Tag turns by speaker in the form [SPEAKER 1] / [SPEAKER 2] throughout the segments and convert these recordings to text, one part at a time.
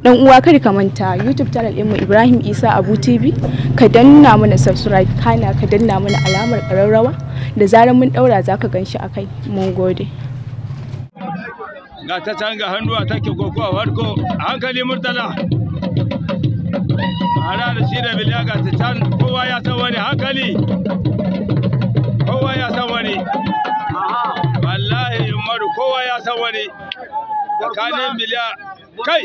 [SPEAKER 1] dan uwa kada ka manta youtube channel din mu ibrahim isa abu tv ka danna mana subscribe kana ka danna mana alamar ƙararrawa da zaran mun daura zaka ganshi akai mun gode
[SPEAKER 2] ga ta can ga hannuwa take koko warko hankali murtala ana da shi da biliya ga ta can kowa ya san wani hankali kowa ya san wani wallahi umaru kowa ya san wani tsakanin biliya kai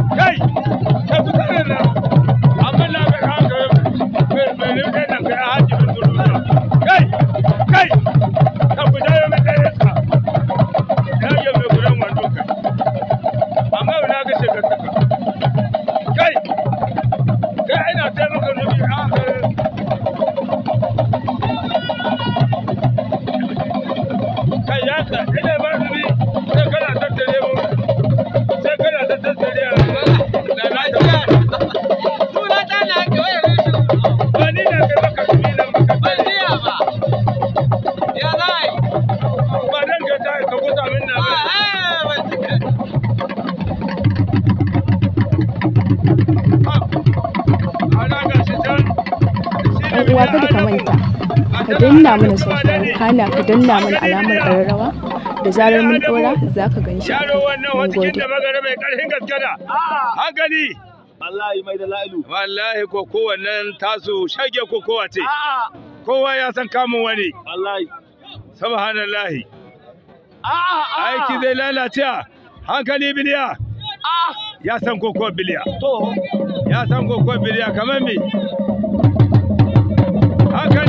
[SPEAKER 3] kan yatsa sai sai ta a ta na ke wayar
[SPEAKER 1] ta kamanta ka danna mana subscribe kana ka danna mana alamar ƙararrawa da zarar mun ɗora za ka gan
[SPEAKER 2] shi mun gode hankali wallahi mai da la'ilu. wallahi ko kowannen tasu shage ko kowa ce kowa ya san kamun wani wallahi subhanallahi
[SPEAKER 3] a'a aiki zai
[SPEAKER 2] lalace hankali biliya ya san koko biliya ya san koko biliya kamar me haka